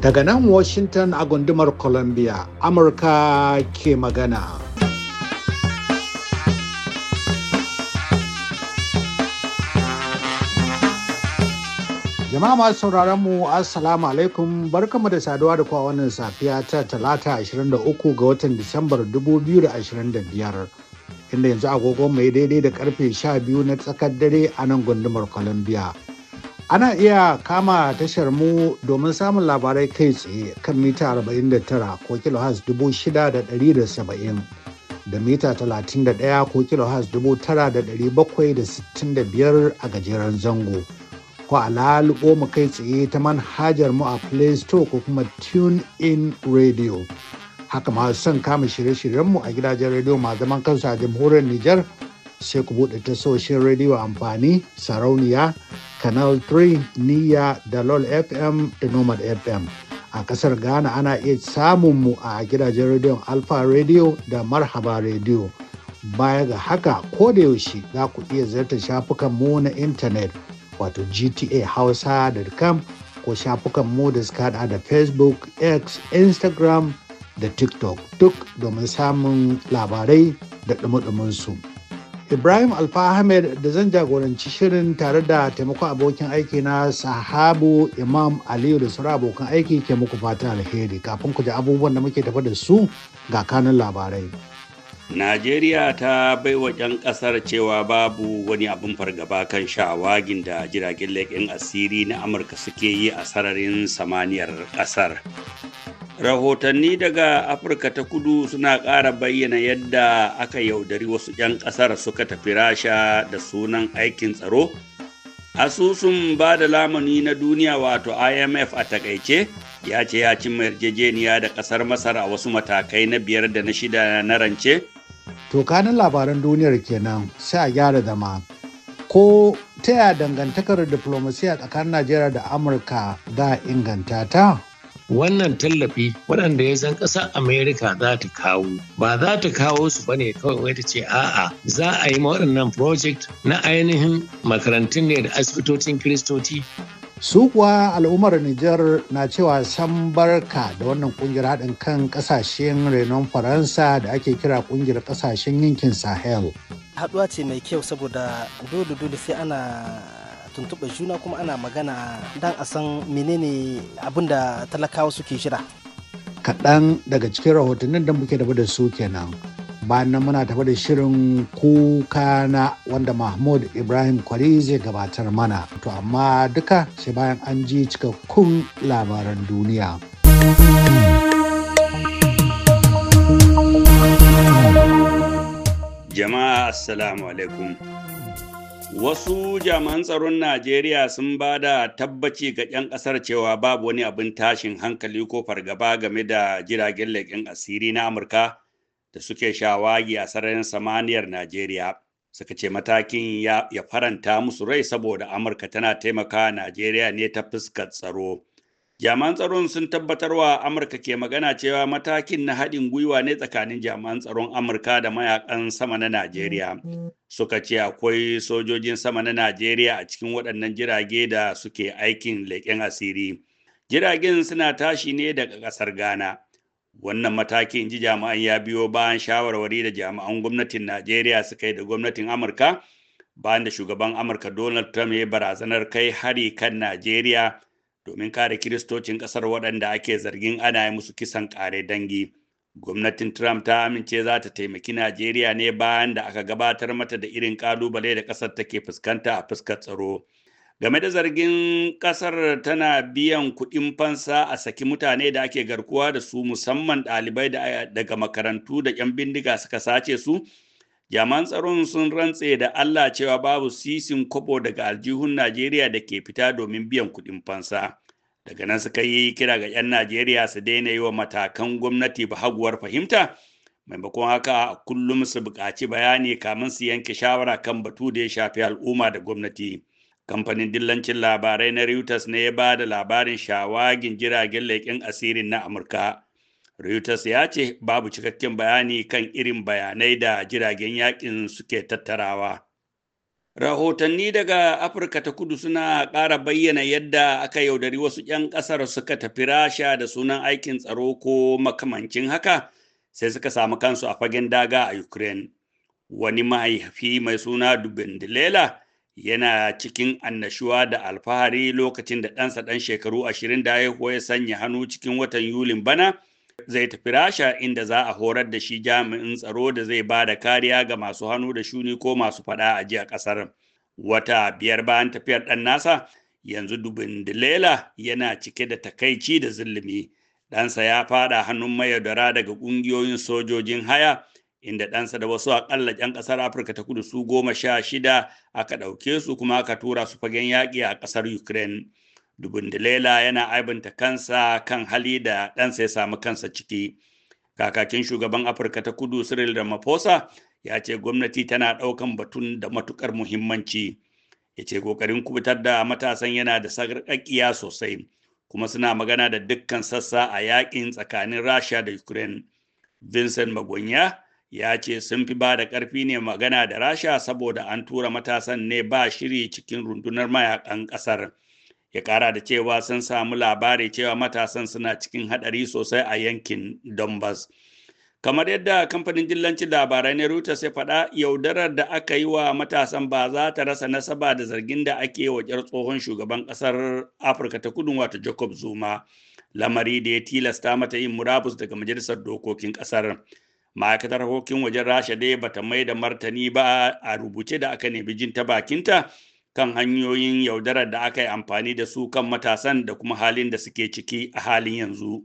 Daga nan Washington a gundumar Columbia, Amurka ke magana. Jama'a masu sauraron mu Assalamu alaikum barkamu da saduwa da kuwa wannan safiya ta talata 23 ga watan Disambar 2025 inda yanzu agogon mai daidai da karfe 12 na tsakar dare a nan gundumar Columbia. Ana iya kama tashar mu domin samun labarai kai tsaye kan mita 49 ko kilohaz 6,170 da mita 31 ko kilohaz 9,765 a gajeren zango. Ko alalubo mu kai tsaye ta manhajar mu a Play Store ko kuma Tune In Radio. haka ma son kama shirye-shiryenmu a gidajen rediyo ma zaman kansu a jamhuriyar Nijar sai ku buɗe tasoshin rediyo amfani sarauniya canal 3 niya da lol fm da nomad fm a kasar ghana ana iya samun mu a gidajen rediyon alfa rediyo da marhaba rediyo baya ga haka ko da yaushe za ku iya ziyartar shafukan mu na intanet wato gta hausa.com ko shafukan mu da suka da facebook x instagram da TikTok duk domin samun labarai da ɗumi-ɗuminsu. Ibrahim Alfa Ahmed da zan jagoranci shirin tare da taimakon abokin aiki na sahabu Imam Aliyu da sauran abokan aiki ke muku fatan alheri kafin ku ji abubuwan da muke tafa da su ga kanun labarai. Najeriya ta baiwa 'yan ƙasar cewa babu wani abin fargaba kan shawagin da jiragen leƙen asiri na Amurka suke yi a sararin samaniyar ƙasar. rahotanni daga afirka ta kudu suna ƙara bayyana yadda aka yaudari wasu 'yan ƙasar suka tafi rasha da sunan aikin tsaro asusun ba da lamuni na duniya wato imf a takaice ya ce ya cimma yarjejeniya da ƙasar masar a wasu matakai na biyar da na shida na rance to kanin labaran duniyar kenan sai a gyara zama ko ta yaya dangantakar diplomasiya tsakanin najeriya da amurka za a inganta ta wannan tallafi waɗanda ya zan ƙasa Amerika za ta kawo ba za ta kawo su ba ne kawai wata ce a'a za a yi waɗannan project na ainihin makarantun ne da asibitocin kiristoci su kuwa al'ummar Nijar na cewa san barka da wannan kungiyar haɗin kan ƙasashen renon faransa da ake kira kungiyar ƙasashen yankin sahel haɗuwa ce mai kyau saboda dole dole sai ana tuntuɓe juna kuma ana magana dan a san menene abin da talakawa suke shira kaɗan daga cikin rahotannin da muke tafi da su kenan bayan nan muna tafi da shirin kuka na wanda mahmud ibrahim kwari zai gabatar mana to amma duka sai bayan an ji cikakkun labaran duniya jama'a assalamu alaikum Wasu jami'an tsaron Najeriya sun ba da tabbaci ga 'yan ƙasar cewa babu wani abin tashin hankali ko fargaba game da jiragen leƙen asiri na Amurka da suke shawagi a sararin samaniyar Najeriya. Suka ce matakin ya, faranta musu rai saboda Amurka tana taimaka Najeriya ne ta fuskar tsaro. jami'an tsaron sun tabbatar wa amurka ke magana cewa matakin na haɗin gwiwa ne tsakanin jami'an tsaron amurka da mayakan sama na najeriya suka ce akwai sojojin sama na najeriya a cikin waɗannan jirage da suke aikin leƙen asiri jiragen suna tashi ne daga ƙasar ghana wannan matakin ji jami'an ya biyo bayan shawarwari da jami'an gwamnatin najeriya suka yi da gwamnatin amurka bayan da shugaban amurka donald trump ya barazanar kai hari kan najeriya domin kare kiristocin ƙasar waɗanda ake zargin ana yi musu kisan ƙare dangi. Gwamnatin Trump ta amince za ta taimaki Najeriya ne bayan da aka gabatar mata da irin ƙalubale da ƙasar take fuskanta a fuskar tsaro. Game da zargin ƙasar tana biyan kuɗin fansa a saki mutane da ake garkuwa da su musamman ɗalibai daga makarantu da 'yan bindiga suka sace su, jaman tsaron sun rantse da Allah cewa babu sisin kwabo daga aljihun Najeriya da ke fita domin biyan kuɗin fansa. daga nan suka yi kira ga 'yan najeriya su daina yi wa matakan gwamnati haguwar fahimta maimakon haka a kullum su buƙaci bayani kamun su yanke shawara kan batu da ya shafi al'umma da gwamnati kamfanin dillancin labarai na reuters ne ya ba da labarin shawagin jiragen leƙen asirin na amurka reuters ya ce babu cikakken bayani kan irin bayanai da jiragen yaƙin suke tattarawa Rahotanni daga Afirka ta kudu suna ƙara bayyana yadda aka yaudari wasu ‘yan ƙasar suka tafi rasha da sunan aikin tsaro ko makamancin haka sai suka samu kansu a fagen daga a Ukraine. Wani mahaifi mai suna Dubendelela yana cikin annashuwa da alfahari lokacin da ɗansa ɗan shekaru ashirin da haihuwa ya sanya hannu cikin watan Yulin bana zai tafi rasha inda za a horar da shi jami'in tsaro da zai ba da kariya ga masu hannu da shuni ko masu faɗa a jiya ƙasar wata biyar bayan tafiyar ɗan nasa yanzu dubin dilela yana cike da takaici da zulumi ɗansa ya faɗa hannun mayaudara daga ƙungiyoyin sojojin haya inda ɗansa da wasu akalla ƴan ƙasar afirka ta kudu su goma sha shida aka ɗauke su kuma aka tura su fagen yaƙi a ƙasar ukraine Dubundulela yana aibinta kansa kan hali da ɗansa ya samu kansa ciki. Kakakin shugaban Afirka ta kudu Cyril Ramaphosa ya ce gwamnati tana ɗaukan batun da matukar muhimmanci. Ya ce ƙoƙarin kubutar da matasan yana da sarƙaƙƙiya sosai, kuma suna magana da dukkan sassa a yaƙin tsakanin Rasha da Ukraine. Vincent Magonya ya ce sun fi ba da ƙarfi ne magana da Rasha saboda an tura matasan ne ba shiri cikin rundunar mayakan ƙasar. ya kara da cewa sun samu labari cewa matasan suna cikin hadari sosai a yankin donbass kamar yadda kamfanin jillancin labarai na Reuters ya faɗa yaudarar da aka yi wa matasan ba za ta rasa nasaba da zargin da ake wa ƙyar tsohon shugaban ƙasar afirka ta kudu wato jacob zuma lamari da ya tilasta mata yin murabus daga majalisar dokokin ƙasar ma'aikatar harkokin wajen rasha dai bata mai da martani ba a rubuce da aka nemi jin ta bakinta kan hanyoyin yaudarar da aka yi amfani da su kan matasan da kuma halin da suke ciki a halin yanzu.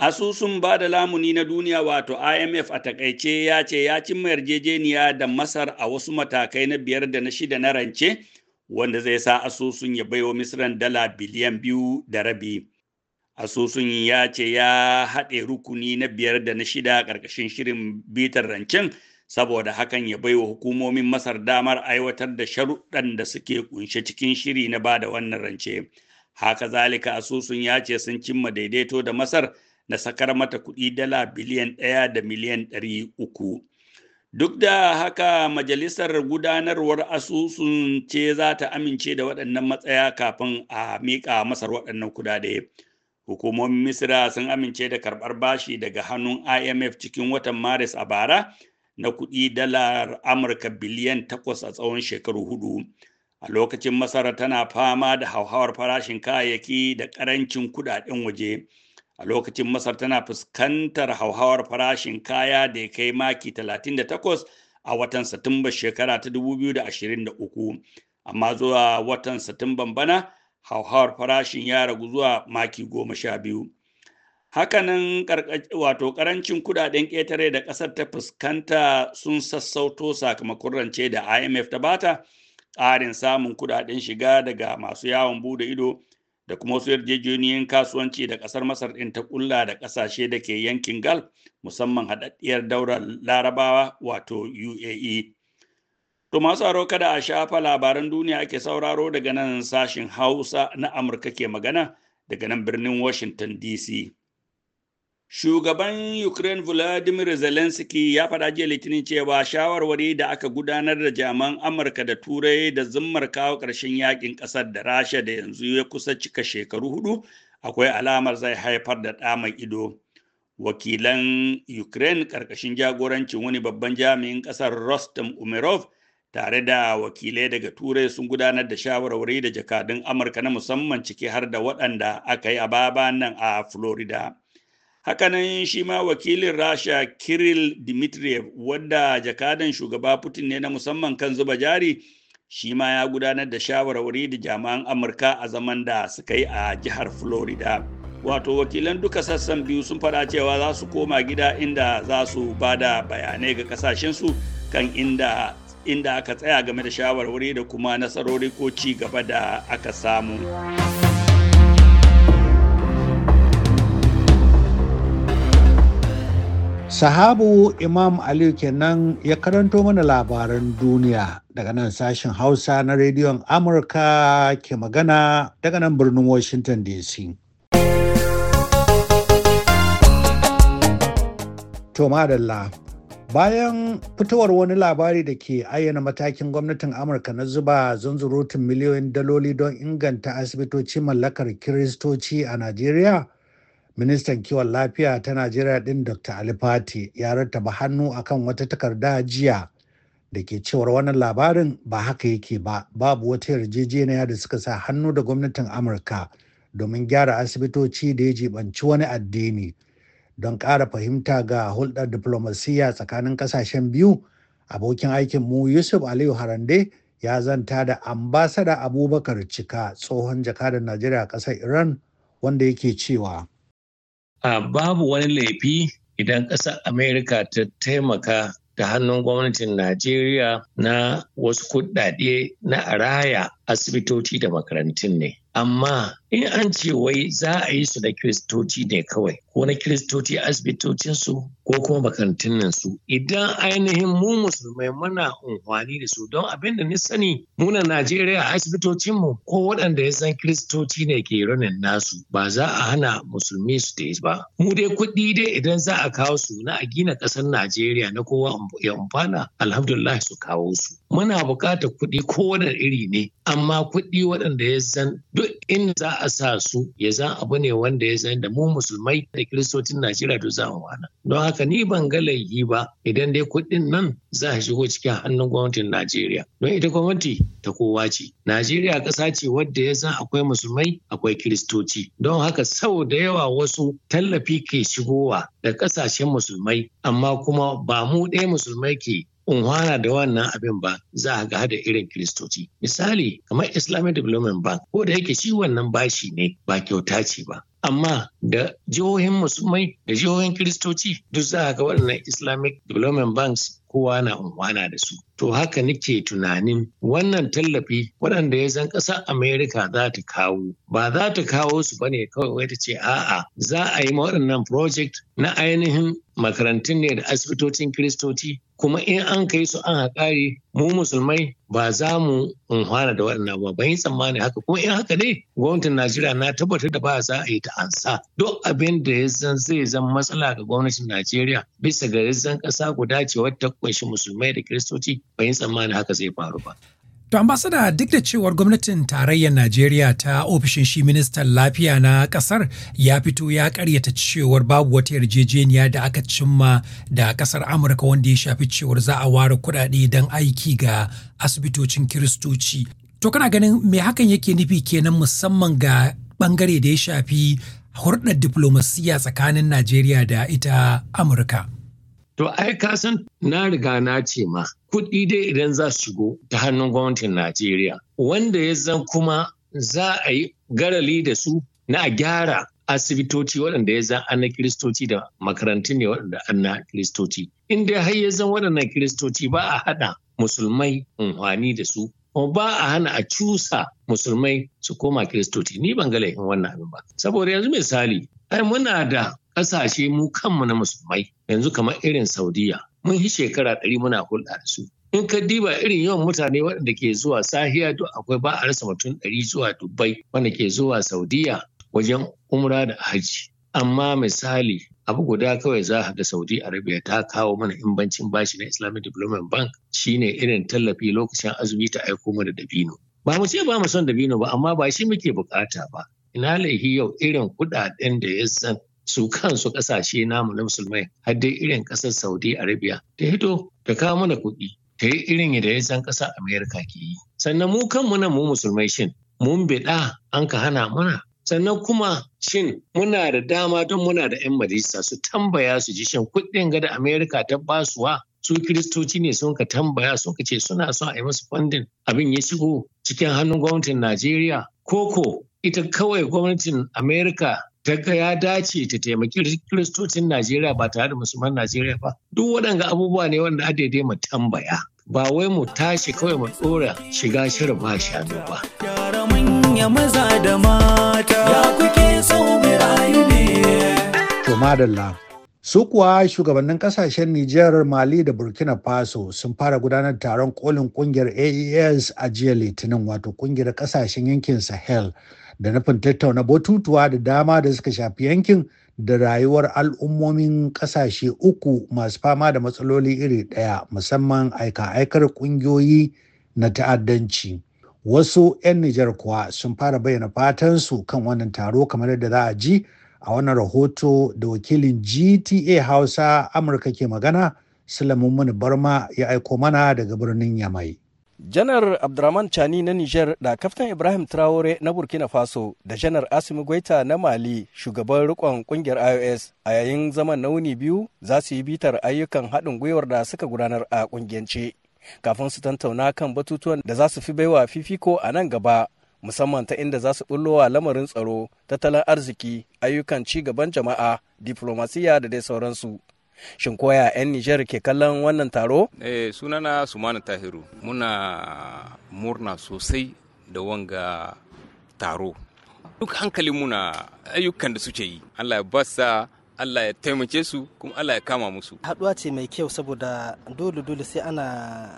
Asusun ba da lamuni na duniya wato IMF a takaice ya ce ya cimma yarjejeniya da Masar a wasu matakai na biyar da na shida na rance wanda zai sa asusun ya baiwa Misran dala biliyan biyu da rabi. Asusun ya ce ya haɗe rukuni na biyar da na shida ƙarƙashin shirin bitar rancen saboda hakan ya baiwa hukumomin Masar damar aiwatar da sharuɗan da suke kunshe cikin shiri na bada wannan rance. Haka zalika asusun ya ce sun cimma daidaito da Masar na sakar mata kuɗi dala biliyan ɗaya da miliyan ɗari uku. Duk da haka majalisar gudanarwar asusun ce za ta amince da waɗannan matsaya kafin a miƙa Masar waɗannan kudade. Hukumomin Misira sun amince da karɓar bashi daga hannun IMF cikin watan Maris a bara. na kuɗi dalar amurka biliyan takwas a tsawon shekaru hudu a lokacin masar tana fama da hauhawar farashin kayayyaki da ƙarancin kuɗaɗen waje a lokacin masar tana fuskantar hauhawar farashin kaya da ya kai maki 38 a watan satumba shekara ta 2023 amma zuwa watan satumban bana hauhawar farashin ya ragu zuwa maki 12 Hakanan wato karancin kudaden ƙetare da ƙasar ta fuskanta sun sassauto sakamakon rance da IMF ta bata ƙarin samun kudaden shiga daga masu yawon bude ido da kuma wasu yarjejeniyoyin kasuwanci da ƙasar Masar ɗin ta ƙulla da ƙasashe da ke yankin Gal musamman haɗaɗɗiyar daular Larabawa wato UAE. To masu aro kada a shafa labaran duniya ake sauraro daga nan sashin Hausa na Amurka ke magana daga nan birnin Washington DC. Shugaban Ukraine Vladimir Zelensky ya faɗa jiya Litinin cewa shawarwari da aka gudanar da jaman Amurka da Turai da zummar kawo ƙarshen yakin ƙasar da Rasha da yanzu ya kusa cika shekaru hudu akwai alamar zai haifar da ɗa mai ido. Wakilan Ukraine ƙarƙashin jagorancin wani babban jami'in ƙasar Rostam Umerov tare da wakilai daga Turai sun gudanar da shawarwari da jakadun Amurka na musamman ciki har da waɗanda aka yi a baban nan a Florida. hakanan shi ma wakilin rasha kirill dimitriev wadda jakadan shugaba putin ne na musamman kan zuba jari shi ma ya gudanar da shawarwari da jami'an amurka a zaman da suka yi a jihar florida wato wakilan duka sassan biyu sun faɗa cewa za su koma gida inda za su ba da bayanai ga kasashensu kan inda inda aka tsaya game da shawarwari da kuma nasarori ko ci gaba da aka samu. Sahabu Imam Aliyu kenan ya karanto mana labaran duniya daga nan sashen Hausa na rediyon Amurka ke magana daga nan birnin Washington DC. To madalla bayan fitowar wani labari da ke ayyana matakin gwamnatin Amurka na zuba zanzurutun miliyoyin daloli don inganta asibitoci mallakar Kiristoci a Najeriya. ministan kiwon lafiya ta najeriya din dr ali fati ya rattaba hannu akan wata takarda jiya da ke cewar wannan labarin ba haka yake ba babu wata yarjejeniya da suka sa hannu da gwamnatin amurka domin gyara asibitoci da ya jibanci wani addini don ƙara fahimta ga hulɗar diflomasiyya tsakanin ƙasashen biyu abokin aikin mu yusuf aliyu harande ya zanta da ambasada abubakar cika tsohon jakadan najeriya ƙasar iran wanda yake cewa babu wani laifi idan ƙasar Amerika ta taimaka ta hannun gwamnatin Najeriya na wasu kuɗaɗe na araya asibitoci da makarantun ne. Amma in an ce wai za a yi su na kiristoci ne kawai ko na kiristoci asibitocinsu ko kuma makarantunan su idan ainihin mu musulmai muna unhwani da su don abin da ni sani muna najeriya asibitocin mu? ko waɗanda ya san kiristoci ne ke ranin nasu ba za a hana musulmi su da ba mu dai kuɗi dai idan za a kawo su na a gina ƙasar najeriya na kowa ya amfana alhamdulillah su kawo su muna buƙatar kuɗi ko iri ne amma kuɗi waɗanda ya san duk inda za a a sa su ya za abu ne wanda ya san da mu musulmai da kiristocin Najeriya to za mu wana. Don haka ni ban ga laifi ba idan dai kuɗin nan za a shigo cikin hannun gwamnatin Najeriya. Don ita gwamnati ta kowa ce. Najeriya ƙasa ce wadda ya san akwai musulmai akwai kiristoci. Don haka sau da yawa wasu tallafi ke shigowa da ƙasashen musulmai amma kuma ba mu ɗaya musulmai ke unhwana da wannan abin ba za a ga da irin kiristoci misali kamar islamic development bank ko da yake shi wannan bashi ne ba kyauta ce ba amma da jihohin musulmai da jihohin kiristoci duk za a ga waɗannan islamic development banks kowa na unhwana da su to haka nake tunanin wannan tallafi waɗanda ya zan ƙasar amerika za ta kawo ba za ta kawo su ba ne kawai wata ce a'a za a yi waɗannan project na ainihin makarantun ne da asibitocin kiristoci kuma in an kai su an haƙari mu musulmai ba za mu unhwana da waɗannan ba ban tsammani haka kuma in haka ne gwamnatin najeriya na tabbatar da ba za a yi ta ansa duk abin da ya zan zai zan matsala ga gwamnatin najeriya bisa ga zan ƙasa guda ce wadda kunshi musulmai da kiristoci ban tsammani haka zai faru ba. To ambasada duk da cewar gwamnatin tarayyar Najeriya ta ofishin shi ministan lafiya na kasar ya fito ya karyata cewar babu wata yarjejeniya da aka cimma da kasar Amurka wanda ya shafi cewar za a ware kuɗaɗe don aiki ga asibitocin Kiristoci. To kana ganin me hakan yake nufi kenan musamman ga bangare da ya shafi hurɗar diplomasiya tsakanin Najeriya da ita Amurka. To ai ka san na riga na ce ma kuɗi dai idan za su shigo ta hannun gwamnatin Najeriya wanda ya zan kuma za a yi garali da su na a gyara asibitoci waɗanda ya zan ana kiristoci da makarantu ne waɗanda ana kiristoci. In dai har ya zan waɗannan kiristoci ba a haɗa musulmai unhwani da su kuma ba a hana a cusa musulmai su koma kiristoci ni ban ga laifin wannan abin ba. Saboda yanzu misali ai muna da ƙasashe mu kanmu na musulmai yanzu kamar irin saudiya mun yi shekara ɗari muna hulɗa da su in ka diba irin yawan mutane waɗanda ke zuwa sahiya to akwai ba a rasa mutum ɗari zuwa dubai wanda ke zuwa saudiya wajen umra da hajji amma misali abu guda kawai za a ga saudi arabia ta kawo mana bancin bashi na islamic development bank shine irin tallafi lokacin azumi ta aiko mana dabino ba mu ce ba mu son dabino ba amma ba shi muke bukata ba ina laihi yau irin kuɗaɗen da ya san su kansu kasashe namu na musulmai har dai irin ƙasar saudi arabia ta hito ta kawo mana kuɗi ta yi irin da ya san ƙasar amerika ke yi sannan mu kanmu nan mu musulmai shin mun biɗa an ka hana mana sannan kuma shin muna da dama don muna da 'yan majalisa su tambaya su ji shan kuɗin ga da amerika ta basuwa su kiristoci ne sun ka tambaya sun ka ce suna son a yi musu fandin abin ya shigo cikin hannun gwamnatin najeriya koko ita kawai gwamnatin amerika daga ya dace ta taimaki kiristocin Najeriya ba tare da musulman Najeriya ba duk waɗanga abubuwa ne wanda daidai mu tambaya ba wai mu tashi kawai mu tsora shiga shirin ba shanu ba. maza da mata Su kuwa shugabannin kasashen Nijar, Mali da Burkina Faso sun fara gudanar taron kolin kungiyar AES a jiya Litinin wato kungiyar kasashen yankin Sahel da nufin tattauna batutuwa da dama da suka shafi yankin da rayuwar al'ummomin ƙasashe uku masu fama da matsaloli iri ɗaya musamman aika-aikar ƙungiyoyi na ta'addanci. Wasu 'yan Nijar kuwa sun fara bayyana fatansu kan wannan taro kamar yadda za a ji a wannan rahoto da wakilin GTA Hausa Amurka ke magana, Sulaiman Barma ya aiko mana daga birnin Yamai. janar abdurrahman chani na niger da kaftan ibrahim traore na burkina faso da janar asimi gwaita na mali shugaban rikon kungiyar ios a yayin zaman nauni biyu za su yi bitar ayyukan haɗin gwiwar da suka gudanar a kungiyance kafin su tantauna kan batutuwan da za su fi baiwa fifiko a nan gaba musamman ta inda za su bullowa lamarin tsaro tattalin arziki ayyukan ci gaban jama'a diplomasiya da dai sauransu Shin koya 'yan Nijar ke kallon wannan taro? Eh, sunana Sumana Tahiru. Muna murna sosai da wanga taro. Duk hankalin muna ayyukan da suke yi. Allah ya basa Allah ya taimake su kuma Allah ya kama musu. Haɗuwa ce mai kyau saboda dole dole sai ana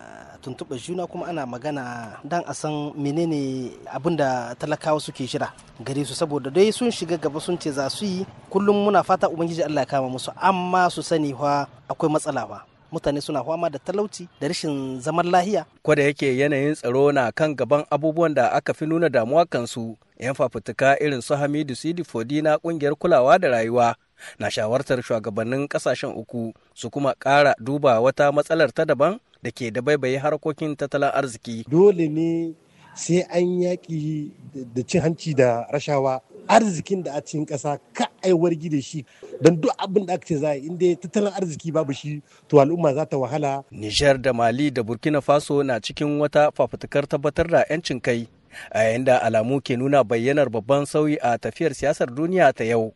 tuntuɓa juna kuma ana magana dan a san menene abin da talakawa suke shira gare su saboda dai sun shiga gaba sun ce za su yi kullum muna fata ubangiji Allah ya kama musu amma su sani fa akwai matsala fa. mutane suna fama da talauci da rashin zaman lahiya. Ko da yake yanayin tsaro na kan gaban abubuwan da aka fi nuna damuwa kansu, 'yan fafutuka irin su Hamidu Sidi Fodi na kungiyar kulawa da rayuwa na shawartar shugabannin kasashen uku su kuma kara duba wata matsalar ta daban da ke da baibaye harkokin tattalin arziki. Dole ne sai an yaƙi da cin hanci da rashawa arzikin da a cikin ƙasa ka aiwar da shi don duk abin da aka ce za a yi inda tattalin arziki babu shi to al'umma za ta wahala. Nijar da Mali da Burkina Faso na cikin wata fafutukar tabbatar da 'yancin kai a yayin da alamu ke nuna bayyanar babban sauyi a tafiyar siyasar duniya ta yau.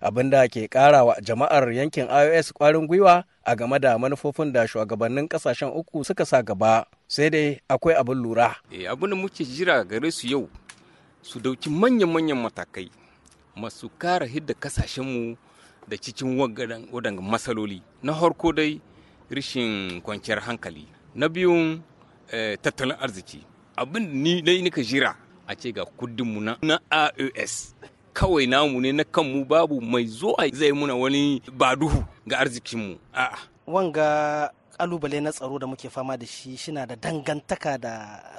abin da ke ƙara wa jama'ar yankin ios kwarin gwiwa a game da manufofin da shugabannin ƙasashen uku suka sa gaba sai dai akwai abin lura eh, abin da muke jira gare su yau su dauki manyan-manyan matakai masu kara hidda kasashenmu da cikin wadanda matsaloli na harko dai rishin kwanciyar hankali na biyun eh, tattalin arziki abin da ni ka jira a ce ga kudinmu na ios kawai namu ne na kanmu babu mai zuwa zai muna wani baduhu ga arzikinmu a'a wanga kalubale na tsaro da muke fama da shi shina da dangantaka da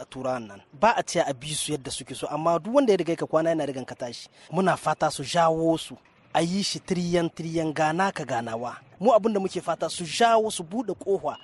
turawan nan ba a ce a bi su yadda suke so amma duk wanda ya riga ka kwana yana rigan ka tashi muna fata su jawo su a yi shi tiriyan tiriyan gana ka ganawa mu abin da muke fata su jawo su buɗe kofa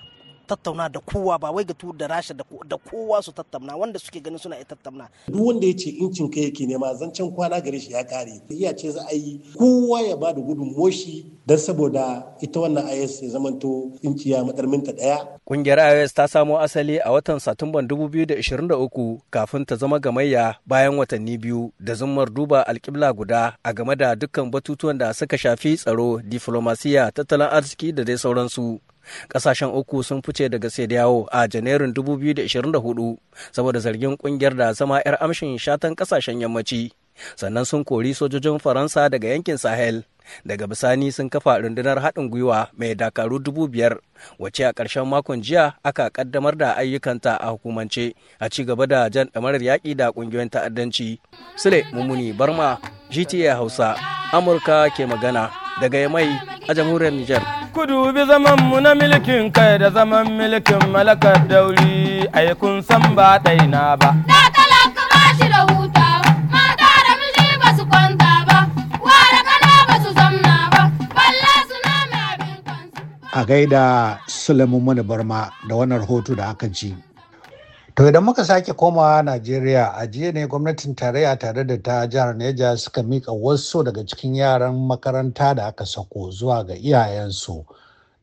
tattauna da kowa ba wai ga tu da rasha da kowa su tattauna wanda suke ganin suna iya tattauna duk wanda ya ce incin kai yake nema zancen kwana gare shi ya kare iya ce za a yi kowa ya ba da gudun moshi don saboda ita wannan IS ya zamanto inciya madarminta daya kungiyar IS ta samo asali a watan satumban 2023 kafin ta zama gamayya bayan watanni biyu da zummar duba alkibla guda a game da dukkan batutuwan da suka shafi tsaro diflomasiya tattalin arziki da dai sauransu kasashen uku sun fice daga yawo a janairun 2024 saboda zargin kungiyar da zama 'yar amshin shatan kasashen yammaci sannan sun kori sojojin faransa daga yankin sahel daga bisani sun kafa rundunar haɗin gwiwa mai dakaru dubu biyar wacce a ƙarshen makon jiya aka ƙaddamar da ayyukanta a hukumance a ci gaba da jan ɗamarar yaƙi da ƙungiyoyin ta'addanci sule mummuni barma gta hausa amurka ke magana daga mai a jamhuriyar Nijar. Ku dubi zaman mu na milikin kai da zaman milkin malakar dauri ai kun san ba na ba. Da talaka ba shi da huta mata da miji ba su kwanta ba wara kana ba su zamna ba balla suna mai abin kansu. A gaida Sulaiman Mani Barma da wannan rahoto da aka ji. To idan muka sake komawa Najeriya a jiya ne gwamnatin tarayya tare da ta jihar Neja suka mika wasu daga cikin yaran makaranta da aka sako zuwa ga iyayensu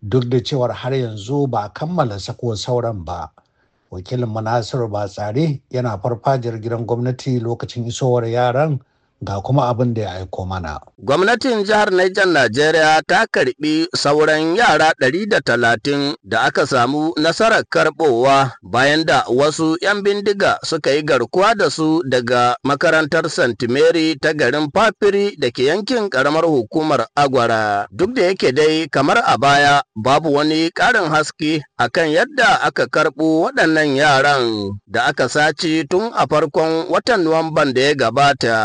duk da cewar har yanzu ba kammala sako sauran ba. Wakilin Munasiru Batsari yana farfajiyar gidan gwamnati lokacin isowar yaran ga kuma abin da ya aiko mana. Gwamnatin jihar Niger Najeriya ta karbi sauran yara ɗari da talatin da aka samu nasarar karɓowa bayan da wasu 'yan bindiga suka yi garkuwa da su daga makarantar St. Mary ta garin Fafiri da ke yankin ƙaramar hukumar Agwara. Duk da yake dai kamar a baya babu wani ƙarin haske akan yadda aka karɓo waɗannan yaran da aka sace tun a farkon watan Nuwamban da ya gabata.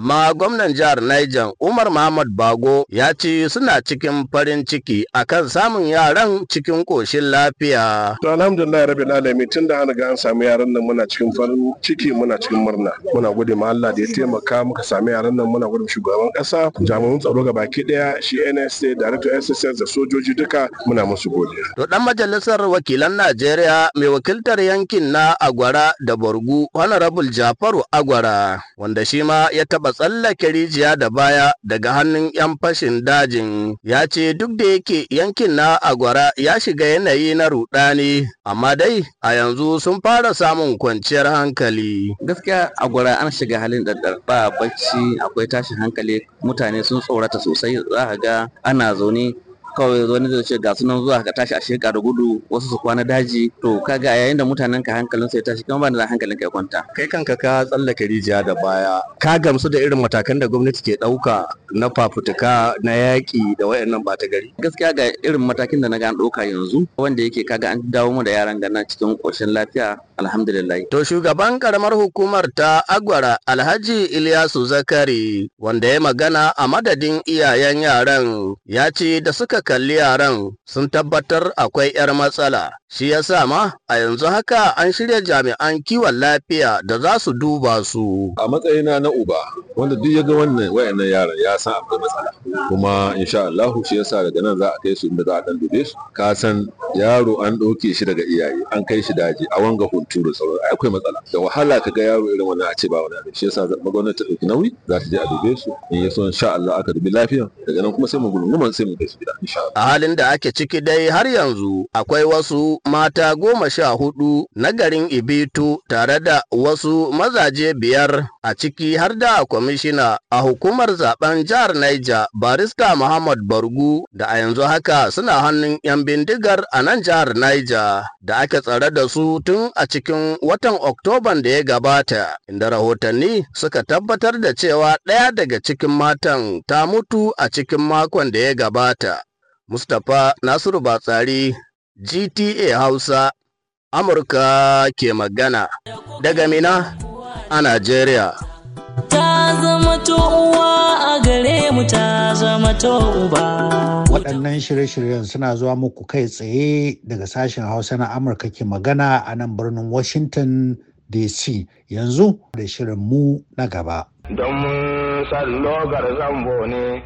amma gwamnan jihar Niger Umar Muhammad Bago ya ce suna cikin farin ciki akan samun yaran cikin koshin lafiya. To alhamdulillah rabbil alamin tun da an ga an samu yaran nan muna cikin farin ciki muna cikin murna. Muna gode ma Allah da ya taimaka muka samu yaran nan muna gode shugaban kasa jami'an tsaro ga baki daya shi NSA director SSS da sojoji duka muna musu gode. To dan majalisar wakilan Najeriya mai wakiltar yankin na Agwara da Borgu Honorable Jafaru Agwara wanda shi ma ya taba tsallake rijiya da baya daga hannun 'yan fashin dajin ya ce duk da yake yankin na agwara ya shiga yanayi na rudani amma dai a yanzu sun fara samun kwanciyar hankali gaskiya agwara an shiga halin da ba bacci akwai tashin hankali mutane sun tsorata sosai za ga ana zaune kawai wani zai ce ga sunan zuwa ka tashi a sheka da gudu wasu su kwana daji to kaga yayin da mutanen ka hankalin ya tashi kuma ba da hankalin ka ya kwanta kai kanka ka tsallaka rijiya da baya ka gamsu da irin matakan da gwamnati ke dauka na fafutuka na yaki da wayannan ba ta gari gaskiya ga irin matakin da na ga an dauka yanzu wanda yake kaga an dawo mu da yaran gana cikin koshin lafiya alhamdulillah to shugaban karamar hukumar ta agwara alhaji Ilyasu Zakari wanda ya magana a madadin iyayen yaran ya ce da suka kalli yaran sun tabbatar akwai 'yar matsala. Shi ya sa ma a yanzu haka an shirya jami'an kiwon lafiya da za su duba su. A matsayina na uba wanda duk ya ga wannan wayannan yaran ya san akwai matsala. Kuma insha Allah shi ya sa daga nan za a kai su inda za a dan dube su. Ka san yaro an ɗauke shi daga iyaye an kai shi daji a wanga hunturu sauran akwai matsala. Da wahala ka ga yaro irin wannan a ce ba wani abu. Shi ya sa gwamnati ta ɗauki nauyi za ta je a dube su. In ya so insha Allah aka dubi lafiya daga nan kuma sai mu gulguma sai mu kai su gida. A halin da ake ciki dai har yanzu akwai wasu mata goma sha hudu na garin Ibitu tare da wasu mazaje biyar a ciki har da kwamishina a hukumar zaben jihar Niger barista Muhammad Bargu da a yanzu haka suna hannun 'yan bindigar a nan jihar Niger da ake tsare da su tun a cikin watan Oktoban da ya gabata inda rahotanni suka tabbatar da cewa ɗaya daga cikin matan ta mutu a cikin makon da ya gabata. Mustapha Nasiru Batsari GTA Hausa Amurka ke magana daga Mina a Najeriya. Ta zama a gare mu ta zama uba. Waɗannan shirye-shiryen suna zuwa muku kai tsaye daga sashen Hausa na Amurka ke magana a nan birnin Washington DC yanzu da shirin mu na gaba. Don mun san logar zambo ne.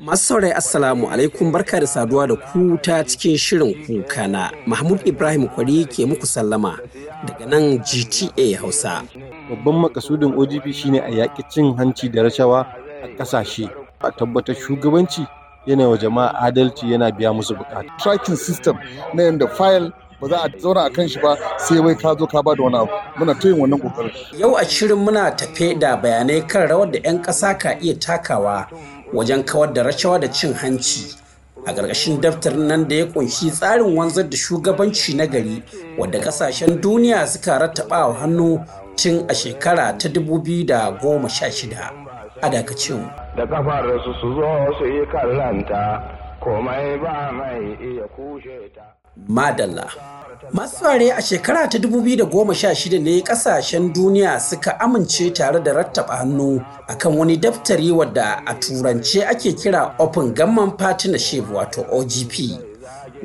Masu saurayi Assalamu alaikum barka da saduwa da ku ta cikin shirin kukana, na Mahmud Ibrahim Kwari ke muku sallama daga nan GTA Hausa. Babban makasudin OGP shine a yaƙi cin hanci da rashawa a ƙasashe. A tabbatar shugabanci yana wa jama'a adalci yana biya musu bukata. Tracking system na yadda file ba za a zauna a kan shi ba sai wai ka zo ka ba da wani abu muna ta wannan kokarin yau a shirin muna tafe da bayanai kan rawar da 'yan ƙasa ka iya takawa wajen kawar da rashawa da cin hanci a ƙarƙashin daftarin nan da ya ƙunshi tsarin wanzar da shugabanci na gari wadda ƙasashen duniya suka rattaba wa hannu tun a shekara ta 2016 a dakacin da kafararsu su zo su yi kallanta komai ba mai iya kushe ta madalla masu ware a shekara ta 2016 ne kasashen duniya suka amince tare da rattaba hannu akan wani daftari wadda a turance ake kira open gamman partnership wato ogp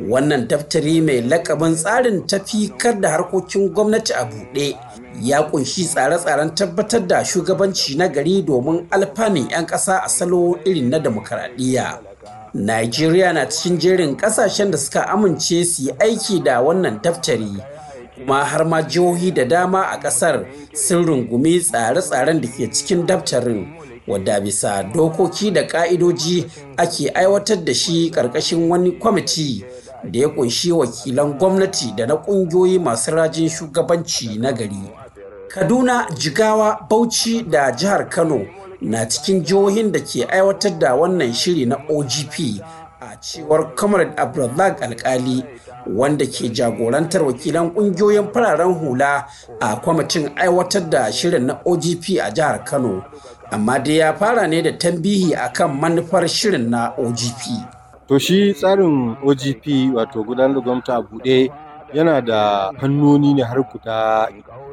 wannan daftari mai lakabin tsarin tafikar da harkokin gwamnati a buɗe ya kunshi tsare-tsaren tabbatar da shugabanci na gari domin alfanun 'yan ƙasa a salo irin na demokaradiyya. Najeriya na cikin jerin kasashen da suka amince su yi aiki da wannan daftari kuma har ma jihohi da dama a ƙasar sun rungumi tsare-tsaren da ke cikin daftarin wadda bisa dokoki da ka'idoji ake aiwatar da shi ƙarƙashin wani kwamiti da ya ƙunshi wakilan gwamnati da na ƙungiyoyi masu rajin shugabanci na gari kaduna jigawa bauchi da jihar kano na cikin jihohin da ke aiwatar da wannan shiri na ogp a cewar comrade abdullahi alkali wanda ke jagorantar wakilan kungiyoyin fararen hula a kwamitin aiwatar da shirin na ogp a jihar kano amma dai ya fara ne da tambihi a kan manufar shirin na ogp to shi tsarin ogp wato gudanar da gwamnati a buɗe yana da fannoni ne har guda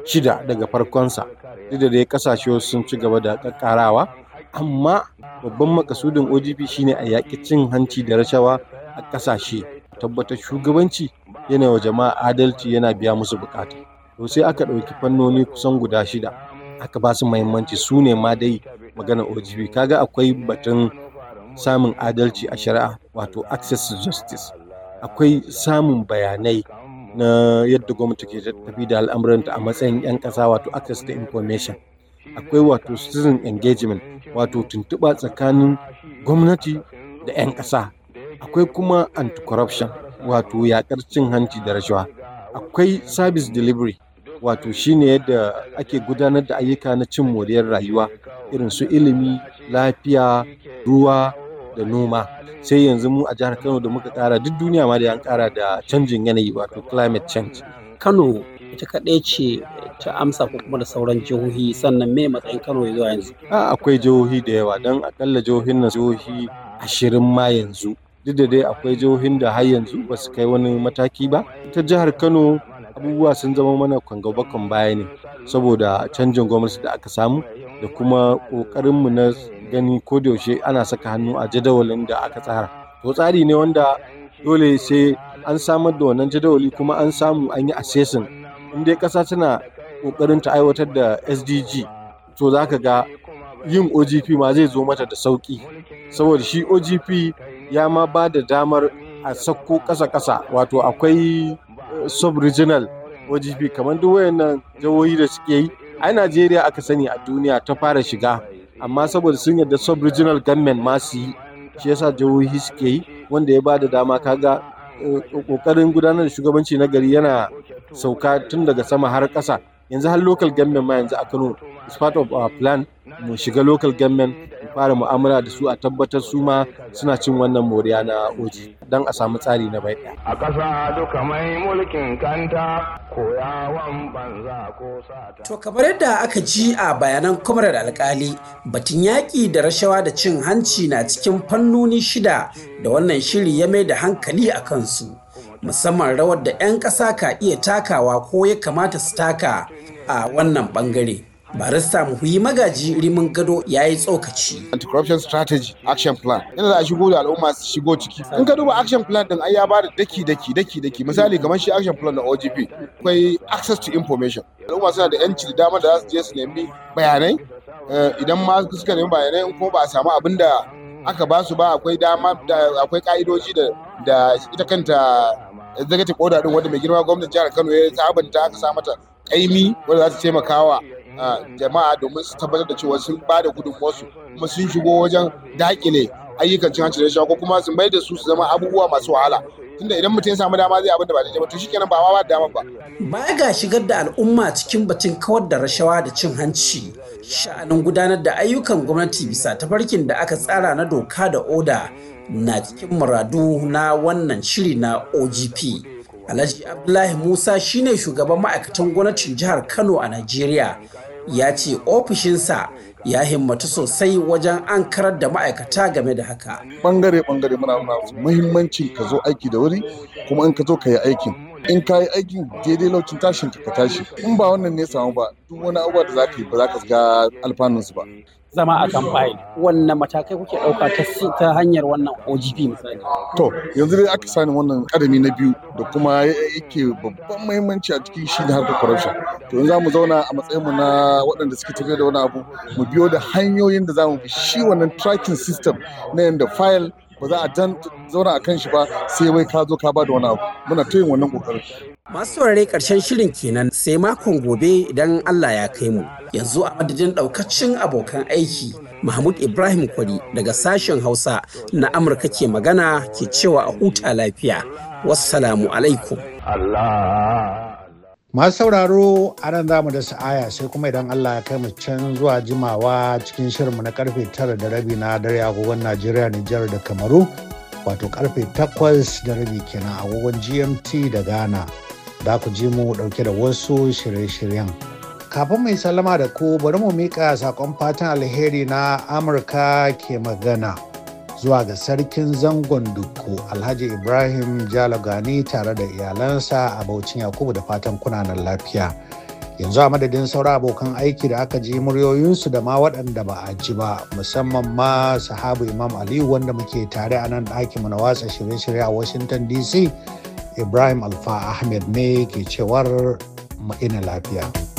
shida daga farkonsa duk da dai kasashe sun ci gaba da kakkarawa amma babban makasudin ogp shine a yaƙi cin hanci da rashawa a kasashe tabbatar shugabanci yana wa jama'a adalci yana biya musu bukata to sai aka ɗauki fannoni kusan guda shida aka ba su mahimmanci su ne ma dai magana ogp kaga akwai batun samun adalci a shari'a wato access to justice akwai samun bayanai na yadda gwamnati ke tafi da al'amuranta a matsayin 'yan ƙasa wato access to information akwai wato citizen engagement wato tuntuɓa tsakanin gwamnati da 'yan ƙasa akwai kuma anti-corruption wato yaƙar cin hanci da rashawa akwai service delivery wato shine yadda ake gudanar da ayyuka na cin moriyar rayuwa irin su ilimi lafiya ruwa da noma sai yanzu mu a jihar kano da muka kara duk duniya ma da an kara da canjin yanayi wato climate change kano ita kaɗai ce ta amsa ko kuma da sauran jihohi sannan me matsayin kano ya zuwa yanzu akwai jihohi da yawa don akalla jihohin nan jihohi ashirin ma yanzu duk da dai akwai jihohin da har yanzu ba su kai wani mataki ba ita jihar kano abubuwa sun zama mana kwangabakon baya ne saboda canjin gwamnati da aka samu da kuma ƙoƙarinmu na gani ko da yaushe ana saka hannu a jadawalin da aka tsara to tsari ne wanda dole sai an samar da wannan jadawali kuma an samu an yi assessing inda dai ƙasa tana ƙoƙarin ta aiwatar da sdg to za ka ga yin ogp ma zai zo mata da sauƙi saboda shi ogp ya ma ba da damar a sakko ƙasa-ƙasa wato akwai sub regional ogp kamar duk wayannan jihohi da suke yi ai najeriya aka sani a duniya ta fara shiga amma saboda sun yadda sub regional government ma yi shi yasa jihohi suke yi wanda ya ba da dama kaga kokarin eh, gudanar da shugabanci na gari yana sauka tun daga sama har ƙasa yanzu har local government ma yanzu a Kano is part of our plan mu shiga local government mu fara mu'amala da su a tabbatar su ma suna cin wannan moriya na oji don a samu tsari na bai a ƙasa duka mai mulkin kanta koyawan banza ko sata to kamar yadda aka ji a bayanan kwamar alkali batun yaƙi da rashawa da cin hanci na cikin fannoni shida da wannan shiri ya mai da hankali a kansu musamman rawar da 'yan ƙasa ka iya takawa ko ya kamata su taka a wannan bangare. barista muhuyi magaji rimin gado ya yi tsokaci. anti-corruption strategy action plan yana da a shigo da al'umma su shigo ciki in ka duba action plan din ai ya bada daki daki daki daki misali kamar shi action plan na ogp akwai access to information al'umma suna da yanci da dama da za su je su nemi bayanai eh, idan ma suka nemi bayanai in kuma ba a samu abin da aka ba su ba akwai dama akwai ka'idoji da ita kanta executive order din wanda mai girma gwamnatin jihar Kano ya sabanta aka sa mata kaimi wanda za ta wa ah, jama'a domin su tabbatar da cewa sun ba da gudunmuwarsu kuma sun shigo wajen dakile ayyukan cin hanci da shago kuma sun bai da su su zama abubuwa masu wahala tunda idan mutum ya samu dama zai abin da ba da jama'a, to shikenan ba ba dama ba baya ga shigar da al'umma cikin batun kawar da rashawa da cin hanci sha'anin gudanar da ayyukan gwamnati bisa tafarkin da aka tsara na doka da oda na cikin muradu na wannan shiri na ogp alhaji abdullahi musa shine shugaban ma'aikatan gwamnatin jihar kano a najeriya ya ce ofishinsa ya himmatu sosai wajen an karar da ma'aikata game da haka bangare bangare muna muna muhimmancin ka zo aiki da wuri kuma in ka zo ka yi aikin in ka yi aikin daidai lokacin tashin ka tashi in ba wannan ne samu ba duk wani abubuwa da za ka yi ba za ka ga alfanunsu ba zama a kan wannan matakai kuke ɗauka ta hanyar wannan ogp misali to yanzu dai aka sani wannan kadami na biyu da kuma yake babban muhimmanci a cikin shi da harkar corruption to yanzu mu zauna a matsayin mu na waɗanda suke tafiyar da wani abu mu biyo da hanyoyin da zamu bi shi wannan tracking system na yanda fayil ba za a zauna a kan shi ba sai wai ka zo ka ba da wani abu muna ta wannan kokarin Masu saurare karshen shirin kenan sai makon gobe idan Allah ya kai mu. Yanzu a madadin ɗaukacin abokan aiki Mahmud Ibrahim Kwari daga sashen Hausa na Amurka ke magana ke cewa a huta lafiya. Wassalamu alaikum. Masu sauraro a nan zamu da sa'aya sai kuma idan Allah ya kai mu can zuwa jimawa cikin shirinmu na karfe tara da rabi na dare agogon Najeriya, Nijar da Kamaru. wato karfe 8 da rabi kenan agogon gmt da ghana za ku ji mu ɗauke da wasu shirye-shiryen. Kafin mai salama da ku bari mu miƙa saƙon fatan alheri na Amurka ke magana zuwa ga sarkin zangon dukku Alhaji Ibrahim jalagani tare da iyalansa a Baucin Yakubu da fatan kunanan lafiya. yanzu a madadin sauran abokan aiki da aka ji muryoyinsu da ma waɗanda ba a ji ba musamman ma sahabu imam aliyu wanda muke tare a nan mu na watsa shirye-shirye a washington dc Ibrahim Alfa Ahmed ne ke cewar ma'ina lafiya.